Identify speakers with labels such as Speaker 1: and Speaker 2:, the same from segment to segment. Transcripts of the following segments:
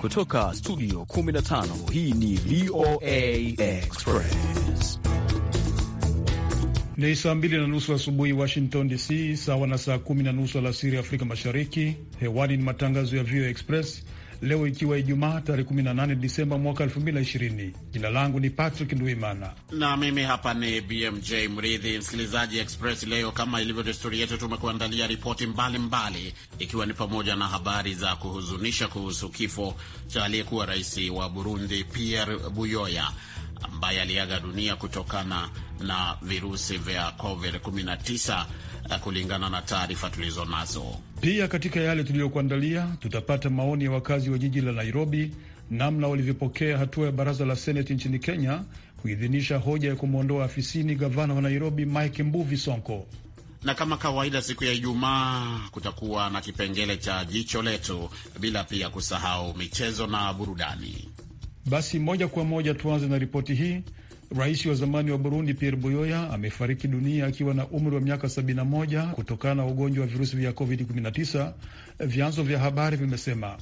Speaker 1: Kutoka
Speaker 2: studio 15
Speaker 1: hii ni VOA Express.
Speaker 2: Ni saa mbili na nusu asubuhi Washington DC, sawa na saa kumi na nusu alasiri Afrika Mashariki. Hewani ni matangazo ya VOA Express leo ikiwa Ijumaa tarehe 18 Disemba mwaka 2020. Jina langu ni Patrick Ndwimana
Speaker 3: na mimi hapa ni BMJ Mridhi. Msikilizaji Express, leo kama ilivyo desturi yetu, tumekuandalia ripoti mbalimbali, ikiwa ni pamoja na habari za kuhuzunisha kuhusu kifo cha aliyekuwa rais wa Burundi Pierre Buyoya ambaye aliaga dunia kutokana na virusi vya COVID-19 kulingana na taarifa tulizo nazo.
Speaker 2: Pia katika yale tuliyokuandalia, tutapata maoni ya wakazi wa jiji la Nairobi namna walivyopokea hatua ya baraza la seneti nchini Kenya kuidhinisha hoja ya kumwondoa afisini gavana wa Nairobi Mike Mbuvi Sonko.
Speaker 3: Na kama kawaida, siku ya Ijumaa kutakuwa na kipengele cha jicho letu, bila pia kusahau michezo na burudani.
Speaker 2: Basi moja kwa moja tuanze na ripoti hii Rais wa zamani wa Burundi Pierre Buyoya amefariki dunia akiwa na umri wa miaka 71 kutokana na ugonjwa wa virusi vya COVID-19, vyanzo vya habari vimesema.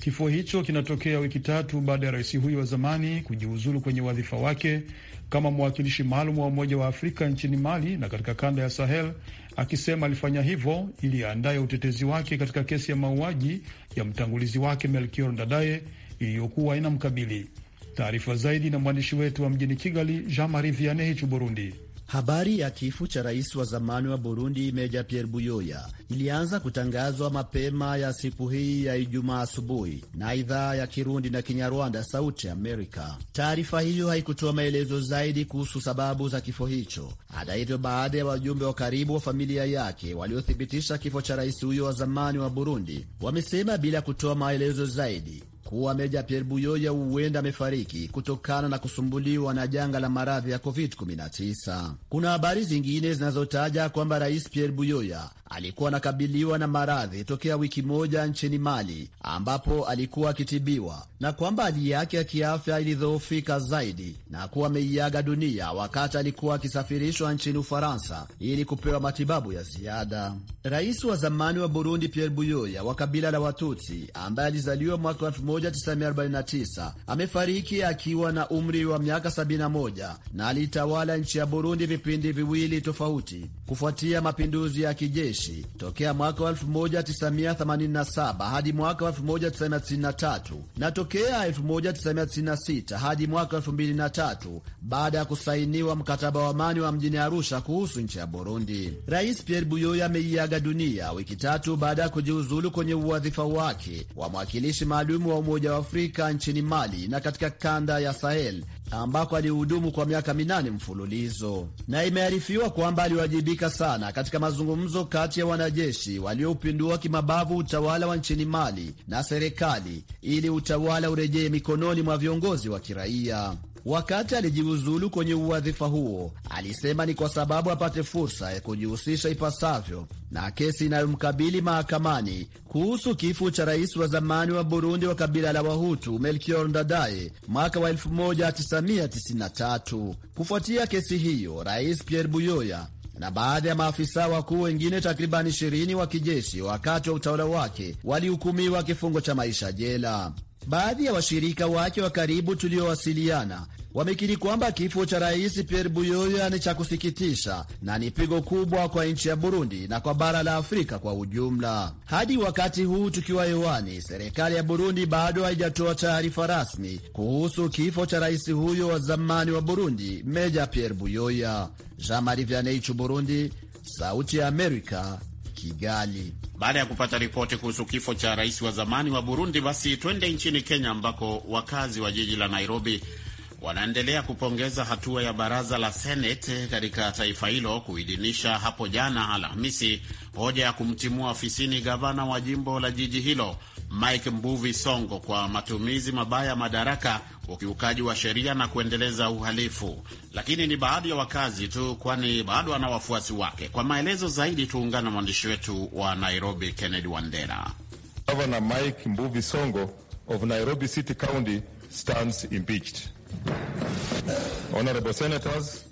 Speaker 2: Kifo hicho kinatokea wiki tatu baada ya rais huyo wa zamani kujiuzulu kwenye wadhifa wake kama mwakilishi maalum wa Umoja wa Afrika nchini Mali na katika kanda ya Sahel, akisema alifanya hivyo ili aandaye utetezi wake katika kesi ya mauaji ya mtangulizi wake Melchior Ndadaye iliyokuwa inamkabili. Taarifa zaidi na mwandishi wetu wa mjini Kigali, Jean Marie Vianney hichu Burundi. Habari ya kifo cha rais wa zamani wa Burundi Meja Pierre Buyoya
Speaker 1: ilianza kutangazwa mapema ya siku hii ya Ijumaa asubuhi na idhaa ya Kirundi na Kinyarwanda Sauti Amerika. Taarifa hiyo haikutoa maelezo zaidi kuhusu sababu za kifo hicho. Hata hivyo, baada ya wajumbe wa karibu wa familia yake waliothibitisha kifo cha rais huyo wa zamani wa Burundi wamesema bila kutoa maelezo zaidi kuwa Meja Pierre Buyoya huenda amefariki kutokana na kusumbuliwa na janga la maradhi ya COVID-19. Kuna habari zingine zinazotaja kwamba Rais Pierre Buyoya alikuwa anakabiliwa na maradhi tokea wiki moja nchini Mali ambapo alikuwa akitibiwa na kwamba hali yake ya kiafya ilidhoofika zaidi na kuwa ameiaga dunia wakati alikuwa akisafirishwa nchini Ufaransa ili kupewa matibabu ya ziada. Rais wa zamani wa Burundi Pierre Buyoya wa kabila la Watutsi ambaye alizaliwa mwaka 1949 amefariki akiwa na umri wa miaka 71 na aliitawala nchi ya Burundi vipindi viwili tofauti kufuatia mapinduzi ya kijeshi tokea mwaka 1987 hadi mwaka 1993 na tokea 1996 hadi mwaka 2003 baada ya kusainiwa mkataba wa amani wa mjini Arusha kuhusu nchi ya Burundi. Rais Pierre Buyoya ameiaga dunia wiki tatu baada ya kujiuzulu kwenye uwadhifa wake wa mwakilishi maalum wa Umoja wa Afrika nchini Mali na katika kanda ya Sahel ambako alihudumu kwa miaka minane mfululizo, na imearifiwa kwamba aliwajibika sana katika mazungumzo kati ya wanajeshi waliopindua kimabavu utawala wa nchini Mali na serikali ili utawala urejee mikononi mwa viongozi wa kiraia. Wakati alijiuzulu kwenye uwadhifa huo, alisema ni kwa sababu apate fursa ya kujihusisha ipasavyo na kesi inayomkabili mahakamani kuhusu kifo cha rais wa zamani wa Burundi wa kabila la Wahutu Melchior Ndadaye mwaka wa 1993. Kufuatia kesi hiyo, Rais Pierre Buyoya na baadhi ya maafisa wakuu wengine takribani 20 wa kijeshi wakati wa utawala wake walihukumiwa kifungo cha maisha jela. Baadhi ya washirika wake wa karibu tuliowasiliana wamekiri kwamba kifo cha Rais Pierre Buyoya ni cha kusikitisha na ni pigo kubwa kwa nchi ya Burundi na kwa bara la Afrika kwa ujumla. Hadi wakati huu tukiwa hewani, serikali ya Burundi bado haijatoa taarifa rasmi kuhusu kifo cha rais huyo wa zamani wa Burundi, Meja Pierre Buyoya. Jean Marie Vianney, Burundi, Sauti ya Amerika, Kigali.
Speaker 3: Baada ya kupata ripoti kuhusu kifo cha rais wa zamani wa Burundi, basi twende nchini Kenya ambako wakazi wa jiji la Nairobi wanaendelea kupongeza hatua ya baraza la seneti katika taifa hilo kuidhinisha hapo jana Alhamisi hoja ya kumtimua ofisini gavana wa jimbo la jiji hilo Mike Mbuvi Songo kwa matumizi mabaya ya madaraka, ukiukaji wa sheria na kuendeleza uhalifu, lakini ni baadhi ya wakazi tu, kwani bado ana wafuasi wake. Kwa maelezo zaidi, tuungane na mwandishi wetu wa Nairobi, Kennedy Wandera.
Speaker 2: Gavana Mike Mbuvi Songo of Nairobi City County stands impeached. Honorable Senators,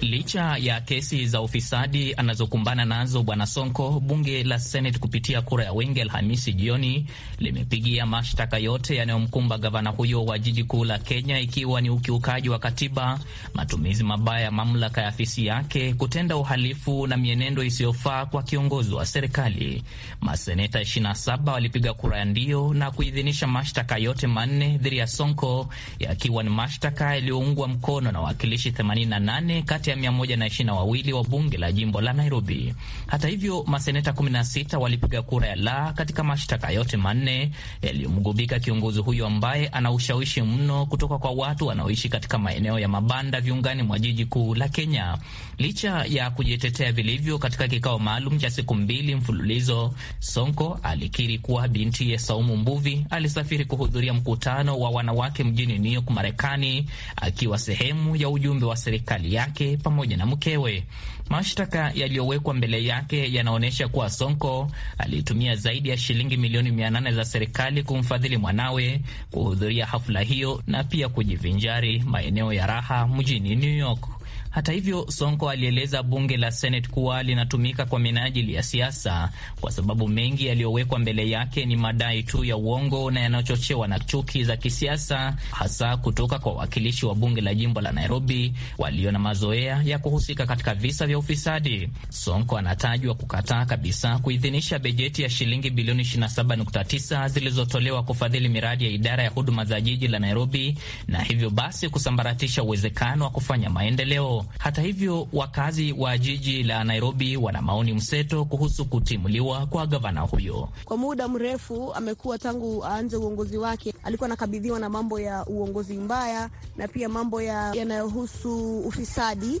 Speaker 4: Licha ya kesi za ufisadi anazokumbana nazo Bwana Sonko, bunge la Seneti kupitia kura ya wingi Alhamisi jioni limepigia mashtaka yote yanayomkumba gavana huyo wa jiji kuu la Kenya, ikiwa ni ukiukaji wa katiba, matumizi mabaya ya mamlaka ya afisi yake, kutenda uhalifu na mienendo isiyofaa kwa kiongozi wa serikali. Maseneta 27 walipiga kura ya ndio na kuidhinisha mashtaka yote manne dhidi ya Sonko, yakiwa ni mashtaka yaliyoungwa mkono na wawakilishi 88 kati ya 122 wa bunge la jimbo la Nairobi. Hata hivyo, maseneta 16 walipiga kura ya la katika mashtaka yote manne yaliyomgubika kiongozi huyo ambaye ana ushawishi mno kutoka kwa watu wanaoishi katika maeneo ya mabanda viungani mwa jiji kuu la Kenya. Licha ya kujitetea vilivyo katika kikao maalum cha siku mbili mfululizo, Sonko alikiri kuwa binti ya Saumu Mbuvi alisafiri kuhudhuria mkutano wa wanawake mjini New York, Marekani, akiwa sehemu ya ujumbe wa serikali yake yake pamoja na mkewe. Mashtaka yaliyowekwa mbele yake yanaonyesha kuwa Sonko alitumia zaidi ya shilingi milioni mia nane za serikali kumfadhili mwanawe kuhudhuria hafla hiyo na pia kujivinjari maeneo ya raha mjini New York. Hata hivyo, Sonko alieleza bunge la Senate kuwa linatumika kwa minajili ya siasa, kwa sababu mengi yaliyowekwa mbele yake ni madai tu ya uongo na yanayochochewa na chuki za kisiasa, hasa kutoka kwa wawakilishi wa bunge la jimbo la Nairobi walio na mazoea ya kuhusika katika visa vya ufisadi. Sonko anatajwa kukataa kabisa kuidhinisha bajeti ya shilingi bilioni 27.9 zilizotolewa kufadhili miradi ya idara ya huduma za jiji la Nairobi na hivyo basi kusambaratisha uwezekano wa kufanya maendeleo. Hata hivyo, wakazi wa jiji la Nairobi wana maoni mseto kuhusu kutimuliwa kwa gavana huyo.
Speaker 5: Kwa muda mrefu amekuwa tangu aanze uongozi wake, alikuwa anakabidhiwa na mambo ya uongozi mbaya na pia mambo yanayohusu ya ufisadi.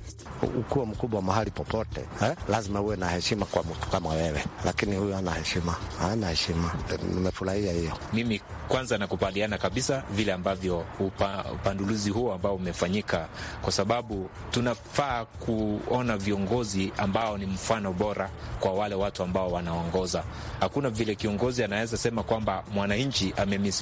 Speaker 1: ukuwa mkubwa mahali popote eh, lazima uwe na heshima kwa mtu kama wewe, lakini huyo ana heshima, ana heshima. Nimefurahia hiyo
Speaker 6: mimi. Kwanza nakubaliana kabisa vile ambavyo upa, upanduluzi huo ambao umefanyika kwa sababu tuna tunafaa kuona viongozi ambao ni mfano bora kwa wale watu ambao wanaongoza. Hakuna vile kiongozi anaweza sema kwamba mwananchi ame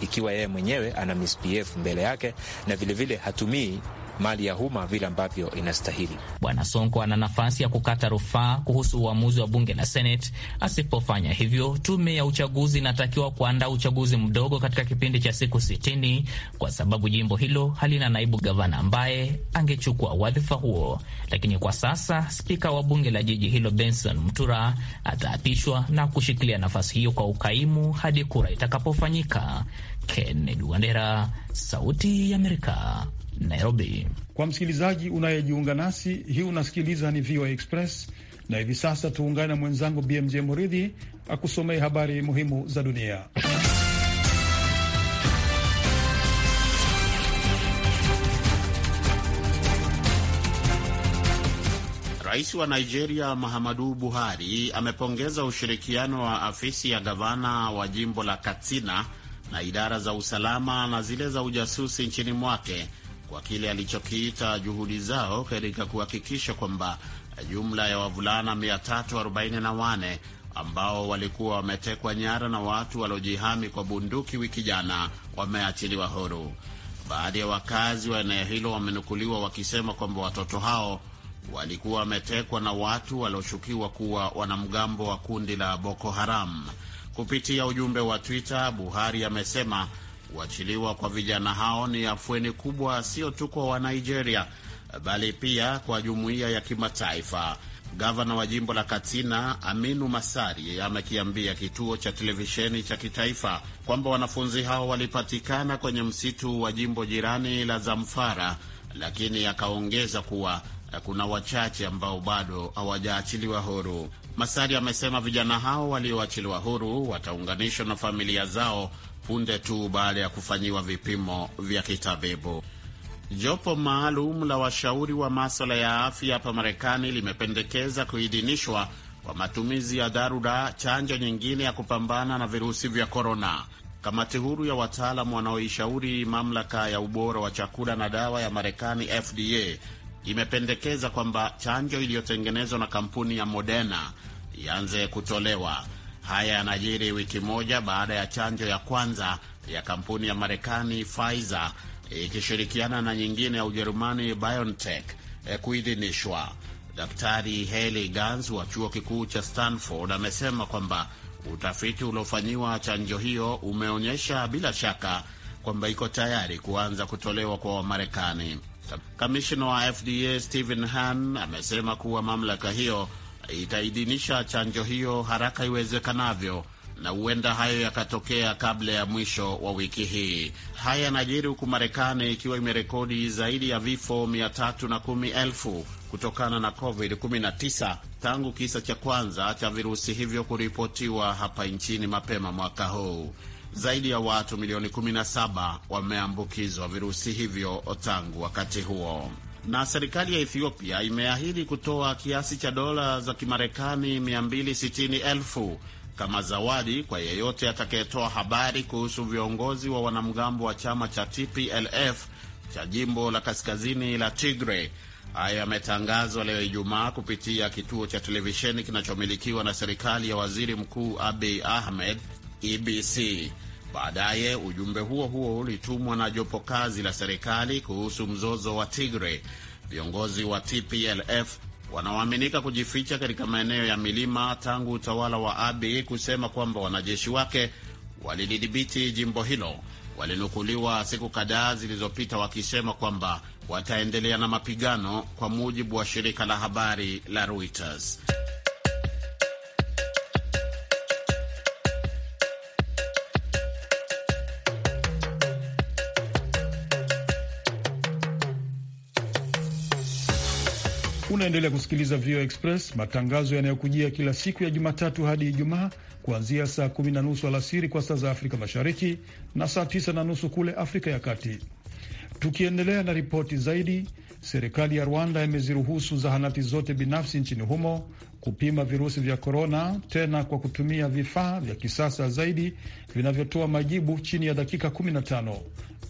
Speaker 6: ikiwa yeye mwenyewe ana misbehave mbele yake, na vilevile vile hatumii mali ya umma vile ambavyo
Speaker 4: inastahili. Bwana Sonko ana nafasi ya kukata rufaa kuhusu uamuzi wa bunge na seneti Asipofanya hivyo, tume ya uchaguzi inatakiwa kuandaa uchaguzi mdogo katika kipindi cha siku sitini kwa sababu jimbo hilo halina naibu gavana ambaye angechukua wadhifa huo. Lakini kwa sasa spika wa bunge la jiji hilo Benson Mtura ataapishwa na kushikilia nafasi hiyo kwa ukaimu hadi kura itakapofanyika. Kennedy Wandera, Sauti ya Amerika, Nairobi.
Speaker 2: Kwa msikilizaji unayejiunga nasi, hii unasikiliza ni VOA Express, na hivi sasa tuungane na mwenzangu BMJ Muridhi akusomee habari muhimu za dunia.
Speaker 3: Rais wa Nigeria Muhammadu Buhari amepongeza ushirikiano wa afisi ya gavana wa jimbo la Katsina na idara za usalama na zile za ujasusi nchini mwake kwa kile alichokiita juhudi zao katika kuhakikisha kwamba jumla ya wavulana 344 ambao walikuwa wametekwa nyara na watu waliojihami kwa bunduki wiki jana wameachiliwa huru. Baadhi ya wakazi wa eneo hilo wamenukuliwa wakisema kwamba watoto hao walikuwa wametekwa na watu walioshukiwa kuwa wanamgambo wa kundi la Boko Haram. Kupitia ujumbe wa Twitter, Buhari amesema Kuachiliwa kwa vijana hao ni afueni kubwa, sio tu kwa Wanigeria bali pia kwa jumuiya ya kimataifa. Gavana wa jimbo la Katsina, Aminu Masari, amekiambia kituo cha televisheni cha kitaifa kwamba wanafunzi hao walipatikana kwenye msitu wa jimbo jirani la Zamfara, lakini akaongeza kuwa kuna wachache ambao bado hawajaachiliwa huru. Masari amesema vijana hao walioachiliwa huru wataunganishwa na familia zao punde tu baada ya kufanyiwa vipimo vya kitabibu. Jopo maalum la washauri wa maswala ya afya hapa Marekani limependekeza kuidhinishwa kwa matumizi ya dharura chanjo nyingine ya kupambana na virusi vya korona. Kamati huru ya wataalamu wanaoishauri mamlaka ya ubora wa chakula na dawa ya Marekani, FDA, imependekeza kwamba chanjo iliyotengenezwa na kampuni ya Moderna ianze kutolewa. Haya yanajiri wiki moja baada ya chanjo ya kwanza ya kampuni ya Marekani Pfizer ikishirikiana na nyingine ya Ujerumani BioNTech eh, kuidhinishwa. Daktari Haley Gans wa chuo kikuu cha Stanford amesema kwamba utafiti uliofanyiwa chanjo hiyo umeonyesha bila shaka kwamba iko tayari kuanza kutolewa kwa Wamarekani. Kamishna wa FDA Stephen han amesema kuwa mamlaka hiyo itaidhinisha chanjo hiyo haraka iwezekanavyo na huenda hayo yakatokea kabla ya mwisho wa wiki hii. Haya yanajiri huku Marekani ikiwa imerekodi zaidi ya vifo 310,000 kutokana na COVID-19 tangu kisa cha kwanza cha virusi hivyo kuripotiwa hapa nchini mapema mwaka huu. Zaidi ya watu milioni 17 wameambukizwa virusi hivyo tangu wakati huo. Na serikali ya Ethiopia imeahidi kutoa kiasi cha dola za Kimarekani 260,000 kama zawadi kwa yeyote atakayetoa habari kuhusu viongozi wa wanamgambo wa chama cha TPLF cha jimbo la kaskazini la Tigray. Hayo yametangazwa leo Ijumaa kupitia kituo cha televisheni kinachomilikiwa na serikali ya Waziri Mkuu Abiy Ahmed, EBC. Baadaye ujumbe huo huo ulitumwa na jopo kazi la serikali kuhusu mzozo wa Tigre. Viongozi wa TPLF wanaoaminika kujificha katika maeneo ya milima tangu utawala wa Abiy kusema kwamba wanajeshi wake walilidhibiti jimbo hilo walinukuliwa siku kadhaa zilizopita wakisema kwamba wataendelea na mapigano, kwa mujibu wa shirika la habari la Reuters.
Speaker 2: Unaendelea kusikiliza VOA Express, matangazo yanayokujia kila siku ya Jumatatu hadi Ijumaa kuanzia saa kumi na nusu alasiri kwa saa za Afrika Mashariki na saa tisa na nusu kule Afrika ya Kati. Tukiendelea na ripoti zaidi, serikali ya Rwanda imeziruhusu zahanati zote binafsi nchini humo kupima virusi vya korona, tena kwa kutumia vifaa vya kisasa zaidi vinavyotoa majibu chini ya dakika 15.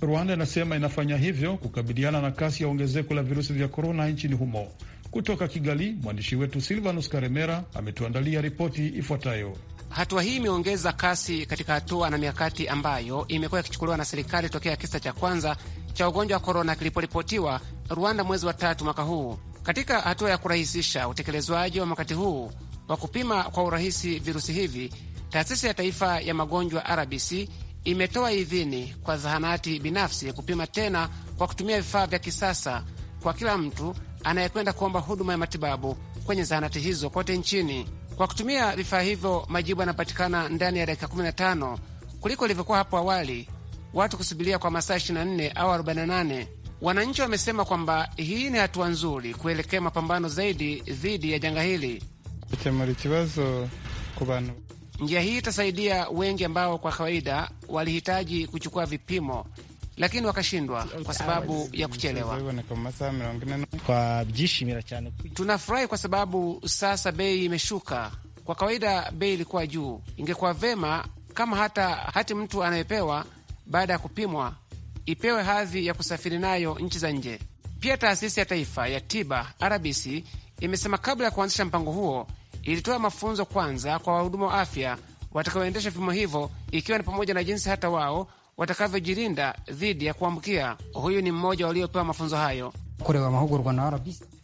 Speaker 2: Rwanda inasema inafanya hivyo kukabiliana na kasi ya ongezeko la virusi vya korona nchini humo. Kutoka Kigali, mwandishi wetu Silvanus Karemera ametuandalia ripoti ifuatayo.
Speaker 7: Hatua hii imeongeza kasi katika hatua na mikakati ambayo imekuwa ikichukuliwa na serikali tokea kisa cha kwanza cha ugonjwa wa korona kiliporipotiwa Rwanda mwezi wa tatu mwaka huu. Katika hatua ya kurahisisha utekelezwaji wa wakati huu wa kupima kwa urahisi virusi hivi, taasisi ya taifa ya magonjwa RBC imetoa idhini kwa zahanati binafsi kupima tena kwa kutumia vifaa vya kisasa kwa kila mtu anayekwenda kuomba huduma ya matibabu kwenye zahanati hizo kote nchini. Kwa kutumia vifaa hivyo, majibu yanapatikana ndani ya dakika 15 kuliko ilivyokuwa hapo awali, watu kusubiria kwa masaa 24 au 48. Wananchi wamesema kwamba hii ni hatua nzuri kuelekea mapambano zaidi dhidi ya janga hili. Njia hii itasaidia wengi ambao kwa kawaida walihitaji kuchukua vipimo lakini wakashindwa kwa sababu ya kuchelewa. Tunafurahi kwa sababu sasa bei imeshuka. Kwa kawaida bei ilikuwa juu. Ingekuwa vema kama hata hati mtu anayepewa baada ya kupimwa ipewe hadhi ya kusafiri nayo nchi za nje. Pia taasisi ya taifa ya tiba RBC imesema kabla ya kuanzisha mpango huo ilitoa mafunzo kwanza kwa wahudumu wa afya watakaoendesha vipimo hivyo, ikiwa ni pamoja na jinsi hata wao watakavyojilinda dhidi ya kuambukia. Huyu ni mmoja waliopewa mafunzo hayo.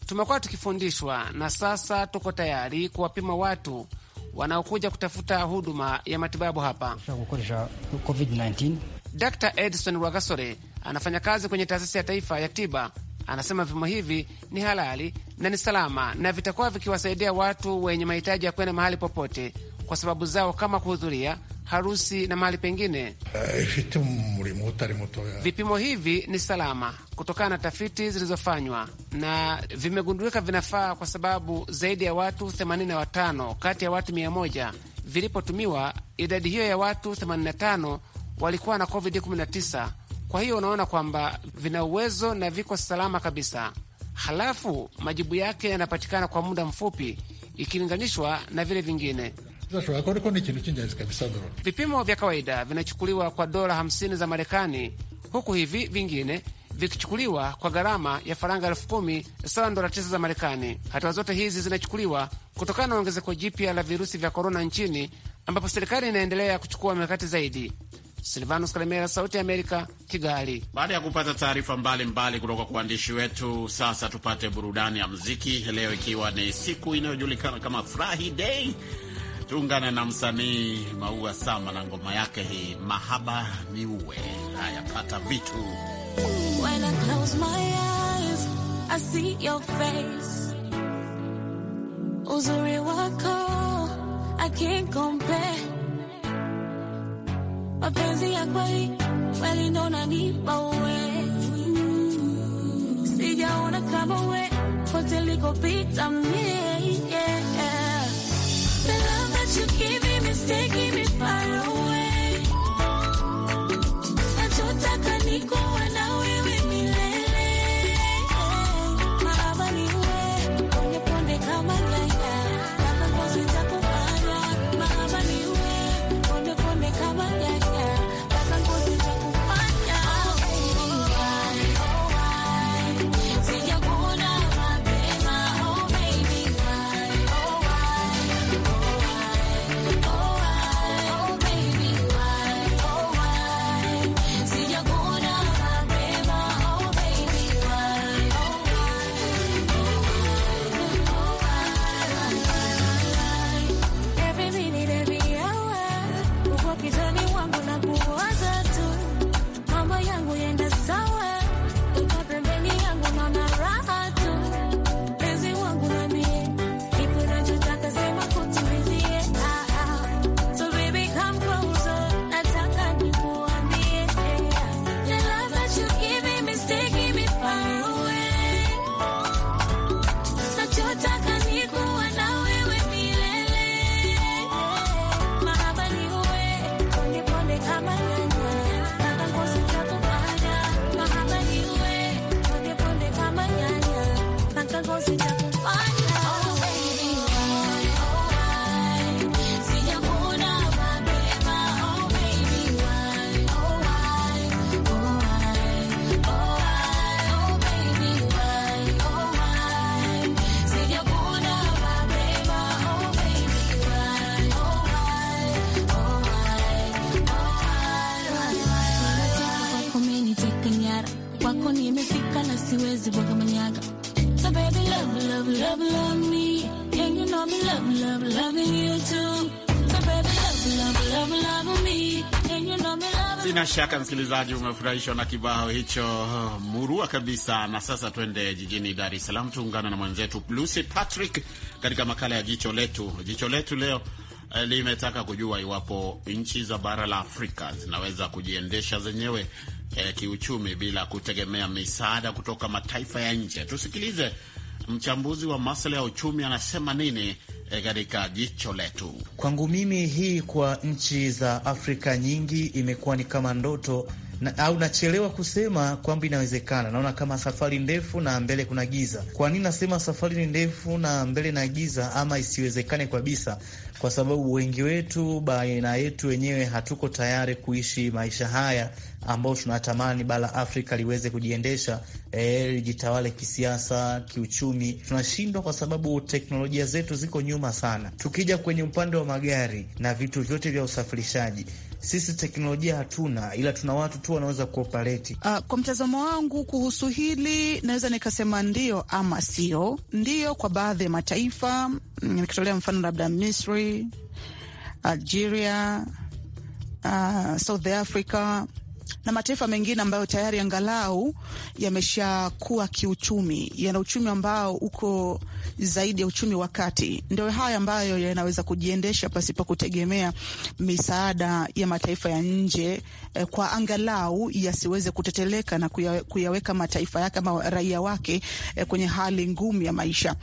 Speaker 7: Tumekuwa tukifundishwa na sasa tuko tayari kuwapima watu wanaokuja kutafuta huduma ya matibabu hapa. Dr Edison Rwagasore anafanya kazi kwenye taasisi ya taifa ya tiba. Anasema vipimo hivi ni halali na ni salama na vitakuwa vikiwasaidia watu wenye mahitaji ya kwenda mahali popote kwa sababu zao kama kuhudhuria harusi na mahali pengine. Eh, Vipimo hivi ni salama kutokana na tafiti zilizofanywa na vimegundulika vinafaa, kwa sababu zaidi ya watu 85 kati ya watu 100 vilipotumiwa, idadi hiyo ya watu 85 walikuwa na COVID-19. Kwa hiyo unaona kwamba vina uwezo na viko salama kabisa. Halafu majibu yake yanapatikana kwa muda mfupi ikilinganishwa na vile vingine. Vipimo vya kawaida vinachukuliwa kwa dola 50 za Marekani, huku hivi vingine vikichukuliwa kwa gharama ya faranga elfu kumi sawa na dola 9 za Marekani. Hatua zote hizi zinachukuliwa kutokana na ongezeko jipya la virusi vya korona nchini, ambapo serikali inaendelea kuchukua mikakati zaidi. Silvanus Kalemera, Sauti ya Amerika, Kigali.
Speaker 3: Baada ya kupata taarifa mbalimbali kutoka kwa waandishi wetu, sasa tupate burudani ya mziki leo, ikiwa ni siku inayojulikana kama Friday Tuungane na msanii Maua Sama na ngoma yake hii mahaba ni uwe hayapata vitu
Speaker 8: When I close my eyes, I see your face. Uzuri wako I can't compare. Mapenzi ya kweli kweli ndo nanipa uwe, sijaona kama we likopita mie you keep me mistaken.
Speaker 3: shaka msikilizaji, umefurahishwa na kibao hicho oh, murua kabisa. Na sasa twende jijini Dar es Salaam, tuungana na mwenzetu Lucy Patrick katika makala ya jicho letu. Jicho letu leo eh, limetaka kujua iwapo nchi za bara la Afrika zinaweza kujiendesha zenyewe eh, kiuchumi bila kutegemea misaada kutoka mataifa ya nje. Tusikilize mchambuzi wa masuala ya uchumi anasema nini eh, katika jicho letu.
Speaker 4: Kwangu mimi, hii kwa nchi za Afrika nyingi imekuwa ni kama ndoto na, au nachelewa kusema kwamba inawezekana. Naona kama safari ndefu na mbele kuna giza. Kwa nini nasema safari ni ndefu na mbele na giza ama isiwezekane kabisa? Kwa sababu wengi wetu, baina yetu wenyewe, hatuko tayari kuishi maisha haya ambao tunatamani bara Afrika liweze kujiendesha, eh, lijitawale kisiasa, kiuchumi. Tunashindwa kwa sababu teknolojia zetu ziko nyuma sana. Tukija kwenye upande wa magari na vitu vyote vya usafirishaji sisi teknolojia hatuna, ila tuna watu tu wanaweza kuopareti.
Speaker 5: Uh, ah, kwa mtazamo wangu kuhusu hili naweza nikasema ndio ama sio. Ndio kwa baadhi ya mataifa, mm, nikitolea mfano labda Misri, Algeria, uh, South Africa na mataifa mengine ambayo tayari angalau yameshakuwa kiuchumi, yana uchumi ambao uko zaidi ya uchumi wa kati. Ndio haya ambayo yanaweza kujiendesha pasipo kutegemea misaada ya mataifa ya nje eh, kwa angalau yasiweze kuteteleka na kuya, kuyaweka mataifa yake ama raia wake eh, kwenye hali ngumu ya maisha.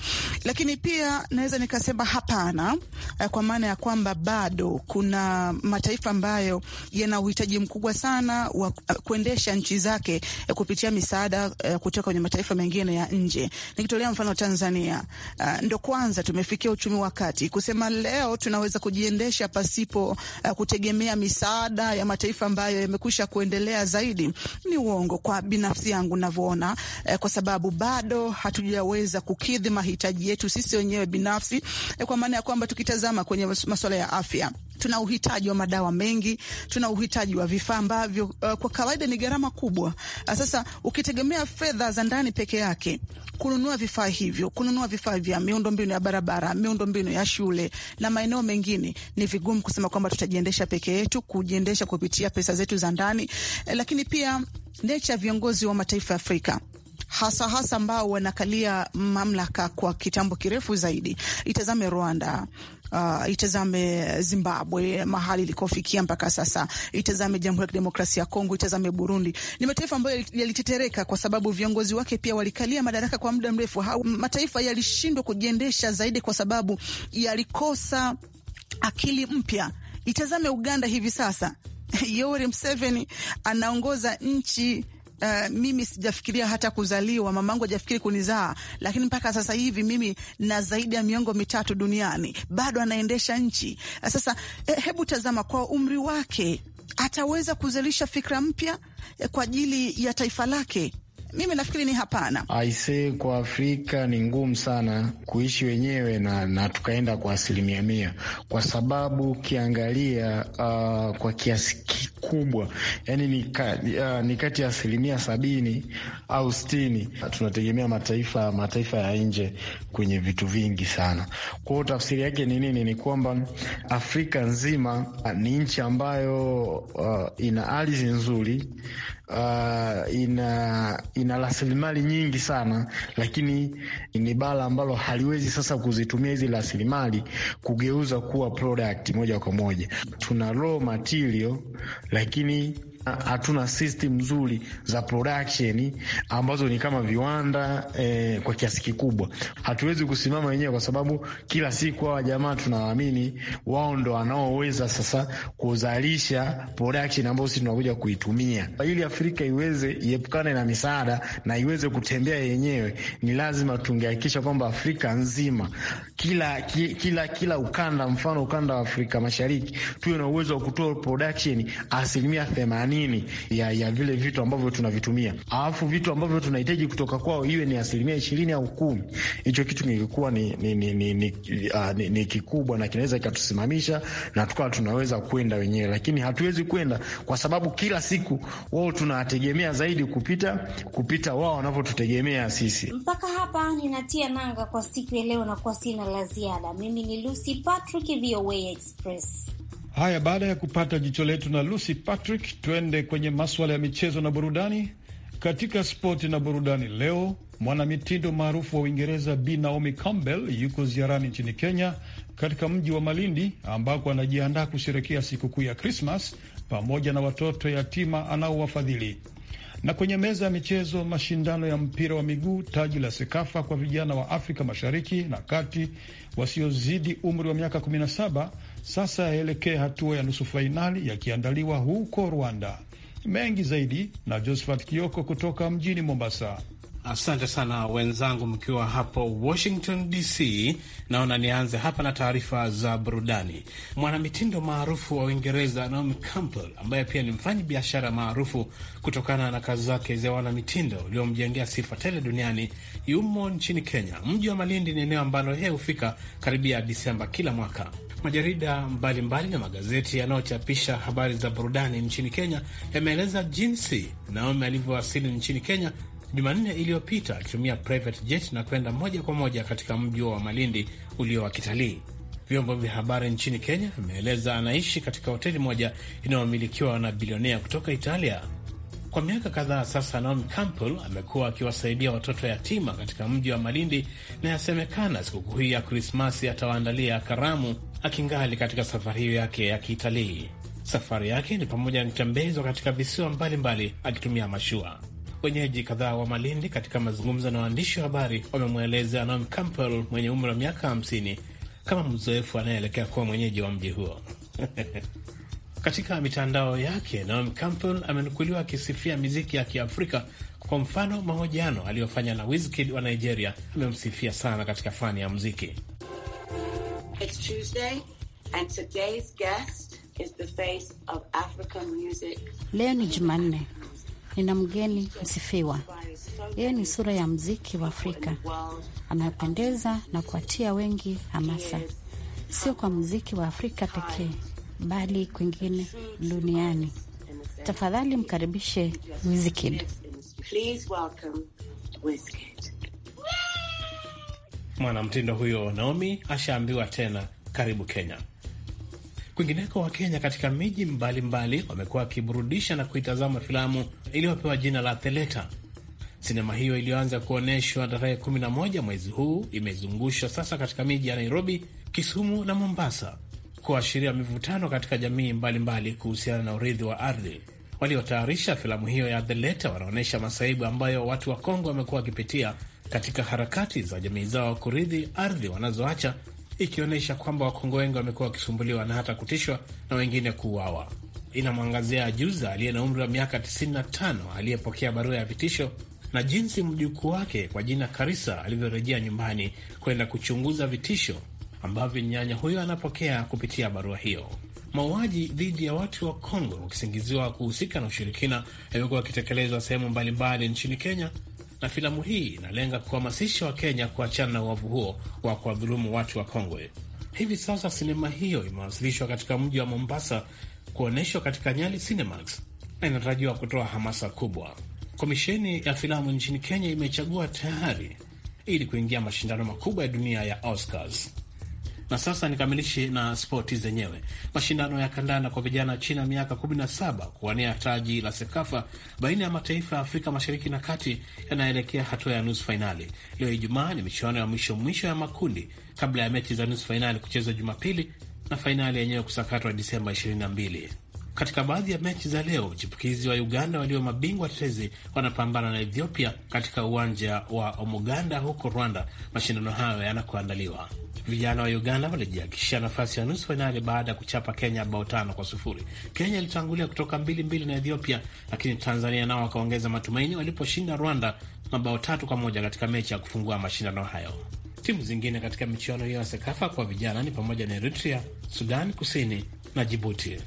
Speaker 5: Lakini pia naweza nikasema hapana, eh, kwa maana ya kwamba bado kuna mataifa ambayo yana uhitaji mkubwa sana wa eh, kuendesha nchi zake eh, kupitia misaada eh, kutoka kwenye mataifa mengine ya nje. Nikitolea mfano Tanzania, uh, ndo kwanza tumefikia uchumi wa kati, kusema leo tunaweza kujiendesha pasipo uh, kutegemea misaada ya mataifa ambayo yamekwisha kuendelea zaidi ni uongo, kwa binafsi yangu navyoona, uh, eh, kwa sababu bado hatujaweza kukidhi mahitaji yetu sisi wenyewe binafsi, uh, kwa maana ya kwamba tukitazama kwenye masuala ya afya tuna uhitaji wa madawa mengi, tuna uhitaji wa vifaa ambavyo uh, kwa kawaida ni gharama kubwa. Uh, sasa ukitegemea fedha za ndani peke yake kununua vifaa hivyo, kununua vifaa vya miundombinu ya barabara, miundombinu ya shule na maeneo mengine, ni vigumu kusema kwamba tutajiendesha peke yetu, kujiendesha kupitia pesa zetu za ndani uh, lakini pia necha viongozi wa mataifa ya Afrika hasa hasa ambao wanakalia mamlaka kwa kitambo kirefu zaidi. Itazame Rwanda. Uh, itazame Zimbabwe mahali ilikofikia mpaka sasa, itazame Jamhuri ya Kidemokrasia ya Kongo, itazame Burundi. Ni mataifa ambayo yalitetereka kwa sababu viongozi wake pia walikalia madaraka kwa muda mrefu. mataifa yalishindwa kujiendesha zaidi kwa sababu yalikosa akili mpya. Itazame Uganda hivi sasa Yoweri Museveni anaongoza nchi uh, mimi sijafikiria hata kuzaliwa, mamangu hajafikiri kunizaa, lakini mpaka sasa hivi mimi na zaidi ya miongo mitatu duniani bado anaendesha nchi. Eh, sasa eh, hebu tazama kwa umri wake ataweza kuzalisha fikra mpya eh, kwa ajili ya taifa lake. Mimi nafikiri ni hapana.
Speaker 9: Aise, kwa Afrika ni ngumu sana kuishi wenyewe na, na tukaenda kwa asilimia mia, kwa sababu ukiangalia uh, kwa kiasi kikubwa yani ni, ka, uh, ni kati ya asilimia sabini au sitini tunategemea mataifa mataifa ya nje kwenye vitu vingi sana. Kwa hiyo tafsiri yake ni nini? Ni kwamba Afrika nzima ni nchi ambayo uh, ina ardhi nzuri uh, ina, ina rasilimali nyingi sana, lakini ni bara ambalo haliwezi sasa kuzitumia hizi rasilimali kugeuza kuwa product moja kwa moja. Tuna raw material lakini hatuna system nzuri za production ambazo ni kama viwanda eh, kwa kiasi kikubwa hatuwezi kusimama wenyewe, kwa sababu kila siku hawa jamaa tunawaamini wao ndo wanaoweza sasa kuzalisha production ambayo sisi tunakuja kuitumia. Ili Afrika iweze iepukane na misaada na iweze kutembea yenyewe, ni lazima tungehakikisha kwamba Afrika nzima kila, kila, kila ukanda, mfano ukanda wa Afrika Mashariki tuwe na uwezo wa kutoa production asilimia themanini nini ya, ya vile vitu ambavyo tunavitumia, alafu vitu ambavyo tunahitaji kutoka kwao iwe ni asilimia ishirini au kumi. Hicho kitu kingekuwa ni, ni, ni, ni, ni, uh, ni, ni kikubwa na kinaweza kikatusimamisha na tukawa tunaweza kwenda wenyewe, lakini hatuwezi kwenda kwa sababu kila siku wao tunawategemea zaidi kupita kupita wao wanavyotutegemea sisi.
Speaker 8: Mpaka hapa ninatia nanga kwa siku ya leo na kwa sina la ziada. Mimi ni Lucy Patrick, VOA Express.
Speaker 2: Haya, baada ya kupata jicho letu na Lucy Patrick, twende kwenye maswala ya michezo na burudani. Katika spoti na burudani leo, mwanamitindo maarufu wa Uingereza Bi Naomi Campbell yuko ziarani nchini Kenya, katika mji wa Malindi ambako anajiandaa kusherekea sikukuu ya Krismas pamoja na watoto yatima anaowafadhili. Na kwenye meza ya michezo, mashindano ya mpira wa miguu taji la SEKAFA kwa vijana wa Afrika Mashariki na Kati wasiozidi umri wa miaka 17 sasa yaelekee hatua ya nusu fainali yakiandaliwa huko Rwanda. Mengi zaidi na Josephat Kioko kutoka mjini Mombasa. Asante sana wenzangu, mkiwa hapo
Speaker 6: Washington DC. Naona nianze hapa na taarifa za burudani. Mwanamitindo maarufu wa Uingereza Naomi Campbell, ambaye pia ni mfanyi biashara maarufu kutokana na kazi zake za wanamitindo uliomjengea sifa tele duniani, yumo nchini Kenya. Mji wa Malindi ni eneo ambalo yeye hufika karibia Disemba kila mwaka. Majarida mbalimbali mbali na magazeti yanayochapisha habari za burudani nchini Kenya yameeleza jinsi Naomi alivyowasili nchini Kenya Jumanne iliyopita akitumia private jet na kwenda moja kwa moja katika mji wa Malindi ulio wa kitalii. Vyombo vya habari nchini Kenya vimeeleza anaishi katika hoteli moja inayomilikiwa na bilionea kutoka Italia. Kwa miaka kadhaa sasa, Naomi Campbell amekuwa akiwasaidia watoto yatima katika mji wa Malindi, na yasemekana sikukuu hii ya Krismasi atawaandalia karamu akingali katika safari hiyo yake ya kitalii. Safari yake ni pamoja na kutembezwa katika visiwa mbalimbali akitumia mashua. Wenyeji kadhaa wa Malindi katika mazungumzo na waandishi wa habari wamemweleza Naomi Campbell mwenye umri wa miaka 50 kama mzoefu anayeelekea kuwa mwenyeji wa mji huo. Katika mitandao yake Naomi Campbell amenukuliwa akisifia miziki ya Kiafrika. Kwa mfano, mahojiano aliyofanya na Wizkid wa Nigeria amemsifia sana katika fani ya muziki.
Speaker 5: Leo ni Jumanne Nina mgeni msifiwa. Yeye ni sura ya mziki wa Afrika, anayopendeza na kuatia wengi hamasa, sio kwa mziki wa Afrika pekee, bali kwingine duniani. Tafadhali mkaribishe Wizkid.
Speaker 6: Mwanamtindo huyo Naomi ashaambiwa tena, karibu Kenya. Kwingineko, Wakenya katika miji mbalimbali wamekuwa wakiburudisha na kuitazama filamu iliyopewa jina la Theleta. Sinema hiyo iliyoanza kuonyeshwa tarehe 11 mwezi huu imezungushwa sasa katika miji ya Nairobi, Kisumu na Mombasa, kuashiria mivutano katika jamii mbalimbali kuhusiana na urithi wa ardhi. Waliotayarisha filamu hiyo ya Theleta wanaonyesha masaibu ambayo watu wa Kongo wamekuwa wakipitia katika harakati za jamii zao kurithi ardhi wanazoacha ikionyesha kwamba Wakongo wengi wamekuwa wakisumbuliwa na hata kutishwa na wengine kuuawa. Inamwangazia juza aliye na umri wa miaka 95 aliyepokea barua ya vitisho na jinsi mjukuu wake kwa jina Karisa alivyorejea nyumbani kwenda kuchunguza vitisho ambavyo nyanya huyo anapokea kupitia barua hiyo. Mauaji dhidi ya watu wa Kongo wakisingiziwa kuhusika na ushirikina yamekuwa yakitekelezwa sehemu mbalimbali nchini Kenya na filamu hii inalenga kuhamasisha Wakenya kuachana na uovu huo wa kuwadhulumu watu wa kongwe. Hivi sasa sinema hiyo imewasilishwa katika mji wa Mombasa kuonyeshwa katika Nyali Cinemax na inatarajiwa kutoa hamasa kubwa. Komisheni ya filamu nchini Kenya imechagua tayari ili kuingia mashindano makubwa ya dunia ya Oscars. Na sasa nikamilishe na spoti zenyewe. Mashindano ya kandanda kwa vijana chini ya miaka 17 kuwania taji la SEKAFA baina ya mataifa ya Afrika Mashariki na Kati yanaelekea hatua ya nusu fainali. Leo Ijumaa ni michuano ya mwisho mwisho ya makundi kabla ya mechi za nusu fainali kuchezwa Jumapili na fainali yenyewe kusakatwa Disemba 22. Katika baadhi ya mechi za leo, chipukizi wa Uganda walio mabingwa tetezi wanapambana na Ethiopia katika uwanja wa Omuganda huko Rwanda, mashindano hayo yanakoandaliwa. Vijana wa Uganda walijiakishia nafasi ya nusu fainali baada ya kuchapa Kenya bao tano kwa sufuri. Kenya ilitangulia kutoka mbili mbili na Ethiopia, lakini Tanzania nao wakaongeza matumaini waliposhinda Rwanda mabao tatu kwa moja katika mechi ya kufungua mashindano hayo. Timu zingine katika michuano hiyo ya SEKAFA kwa vijana ni pamoja na Eritrea, Sudan Kusini na Jibuti.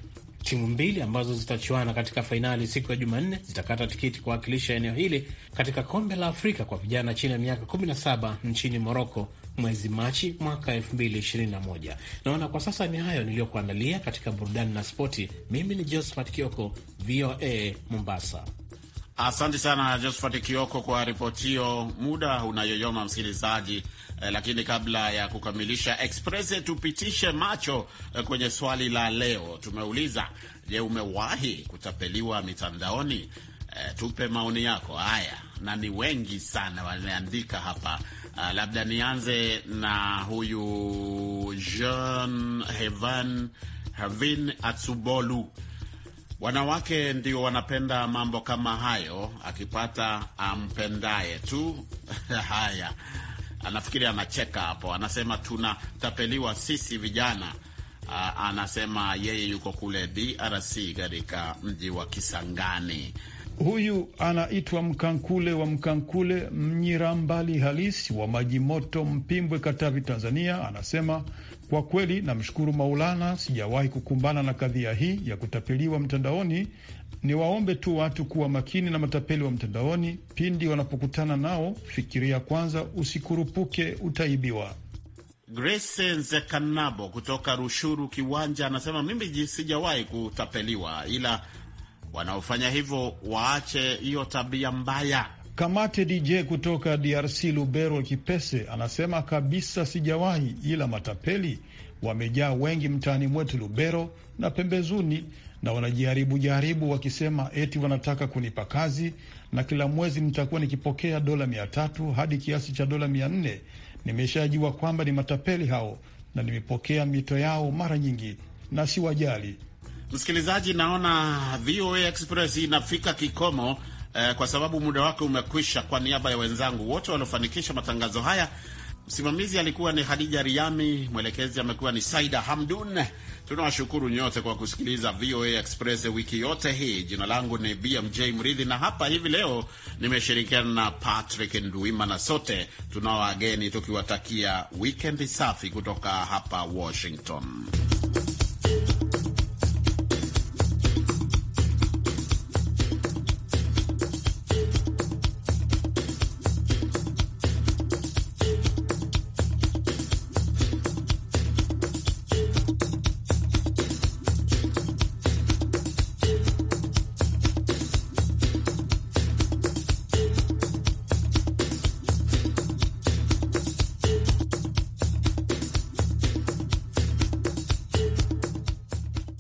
Speaker 6: Timu mbili ambazo zitachuana katika fainali siku ya Jumanne zitakata tikiti kuwakilisha eneo hili katika kombe la Afrika kwa vijana chini ya miaka 17 nchini Moroko mwezi Machi mwaka 2021. Naona kwa sasa ni hayo niliyokuandalia katika burudani na spoti. Mimi ni Josephat Kioko, VOA Mombasa. Asante
Speaker 3: sana josfat Kioko kwa ripoti hiyo. Muda unayoyoma msikilizaji, eh, lakini kabla ya kukamilisha express, eh, tupitishe macho eh, kwenye swali la leo. Tumeuliza, je, umewahi kutapeliwa mitandaoni? Eh, tupe maoni yako haya, na ni wengi sana wameandika hapa. Uh, labda nianze na huyu Jean Hevan Havin Atsubolu Wanawake ndio wanapenda mambo kama hayo, akipata ampendaye tu. Haya, anafikiri anacheka hapo, anasema tunatapeliwa sisi vijana. Aa, ah, anasema yeye yuko kule DRC katika mji wa Kisangani.
Speaker 2: Huyu anaitwa Mkankule wa Mkankule, Mnyirambali halisi wa Maji Moto, Mpimbwe, Katavi, Tanzania. Anasema kwa kweli namshukuru Maulana, sijawahi kukumbana na kadhia hii ya kutapeliwa mtandaoni. Niwaombe tu watu kuwa makini na matapeli wa mtandaoni, pindi wanapokutana nao, fikiria kwanza, usikurupuke, utaibiwa.
Speaker 3: Grace Nzekanabo kutoka Rushuru Kiwanja anasema mimi sijawahi kutapeliwa, ila wanaofanya hivyo waache hiyo tabia mbaya.
Speaker 2: Kamate DJ kutoka DRC Lubero Kipese anasema kabisa, sijawahi, ila matapeli wamejaa wengi mtaani mwetu Lubero na pembezuni, na wanajaribu jaribu wakisema eti wanataka kunipa kazi, na kila mwezi nitakuwa nikipokea dola mia tatu hadi kiasi cha dola mia nne. Nimeshajua kwamba ni matapeli hao na nimepokea mito yao mara nyingi na si wajali
Speaker 3: Msikilizaji, naona VOA Express inafika kikomo eh, kwa sababu muda wake umekwisha. Kwa niaba ya wenzangu wote waliofanikisha matangazo haya, msimamizi alikuwa ni Hadija Riami, mwelekezi amekuwa ni Saida Hamdun. Tunawashukuru nyote kwa kusikiliza VOA Express wiki yote hii. Jina langu ni BMJ Mridhi, na hapa hivi leo nimeshirikiana na Patrick Nduima, na sote tunao wageni tukiwatakia wikendi safi kutoka hapa Washington.